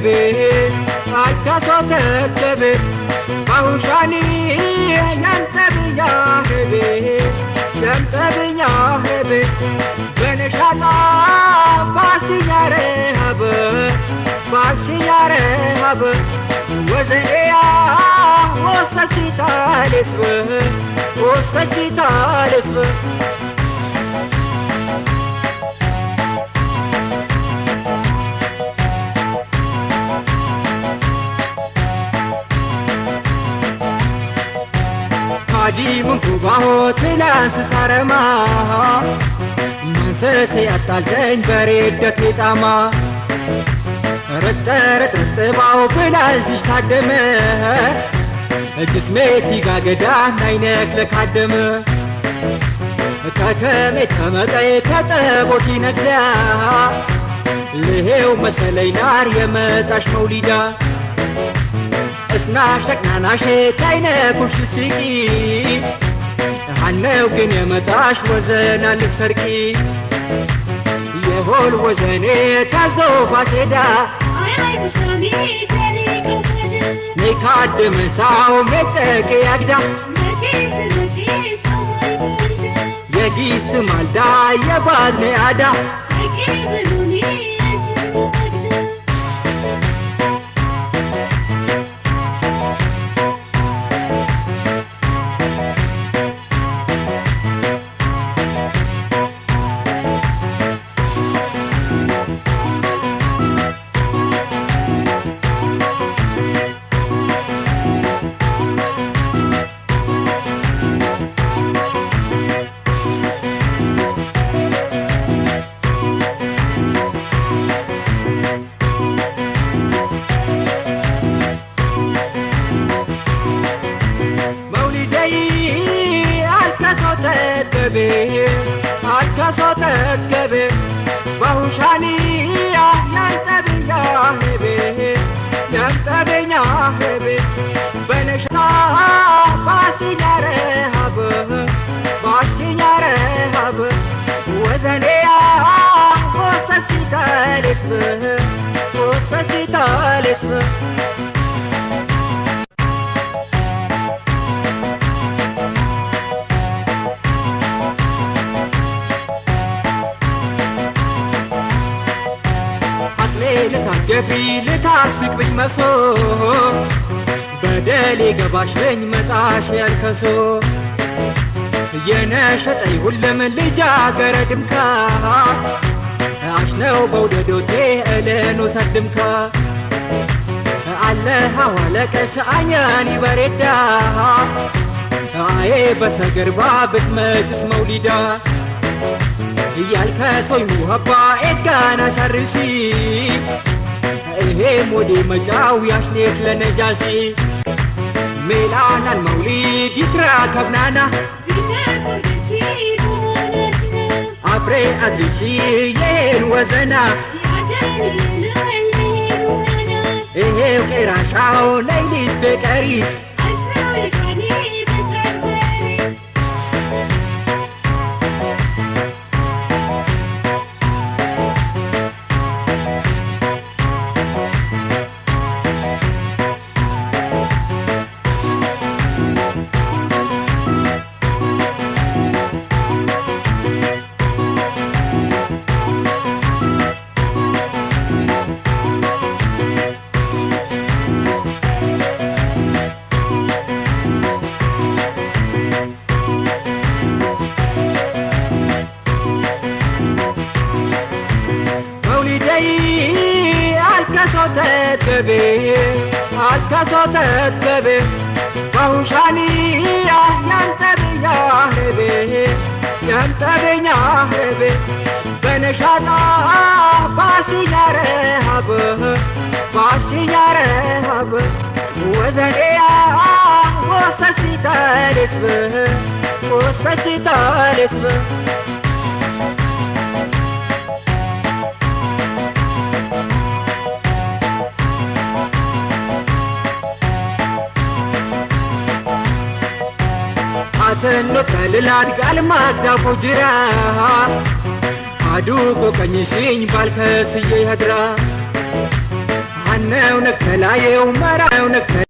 تبي حتى صوتك تبي ما هو جاني ينتبه يا حبي ينتبه يا حبي بين شالا باشي يا رهب باشي يا رهب وزنيا وصصي تالف وصصي تالف ዲሙንቱ ባሆት ላንስ ሳረማ መንፈሴ አታልጠኝ በሬደት ጣማ ረጠረጥ ርጥባው ታደመ ጅስሜት ይጋገዳ ናይነክ ለካደመ ከከሜ ተመቀይ ይነግዳ ልሄው መሰለይ ናር የመጣሽ መውሊዳ ነስናሽ ተቅናናሽ ታይነኩሽ ልስቂ ሃነው ግን የመጣሽ ወዘን አልሰርቂ የሆል ወዘኔ ታዘው ፋሴዳ ሜካድ ምሳው ሜጠቅ ያግዳ የጊስት ማልዳ የባል አዳ تبي عكا صوتك تبي وهوشاني ينتبه ياهبي ينتبه ياهبي بنشتا باسي يرهب باسي يرهب وزني قصة في تالسمه قصة في ልታስቅብኝ መሶ በደሌ ገባሽ መጣሽ ያልከሶ የነሸጠኝ ሁሉም ልጃገረድምካ አሽነው በውደዶቴ እልኑ ሰድምካ አለ ሐዋለቀስ አኛኒ በሬዳ አዬ በተገርባ ብትመጭስ መውሊዳ هي الكاس ويوهبا إكانا شر شيء مودي مجاو يشنيك لنجاسي ميلانا الموليد يتراكبنانا አብሬ አድርጂ ይሄን ወዘና ይሄው ቄራሻው ነይ ልጅ ፍቀሪሽ በለይ አልከሶ ተጥበቤ አልከሶ ተጥበቤ በውሻኒያ ያንጠብኛ ህቤ ያንጠብኛ ባሽኛረ ሀብ ባሽኛረ ሀብ ወዘኔያ ወሰሲታ ልስብህ naannoo kalila adgaal maagdaafuu jira aduu boqonyishiin baalka siyyee hadiraa annaa uuna kalaa yee umaraa uuna kalaa.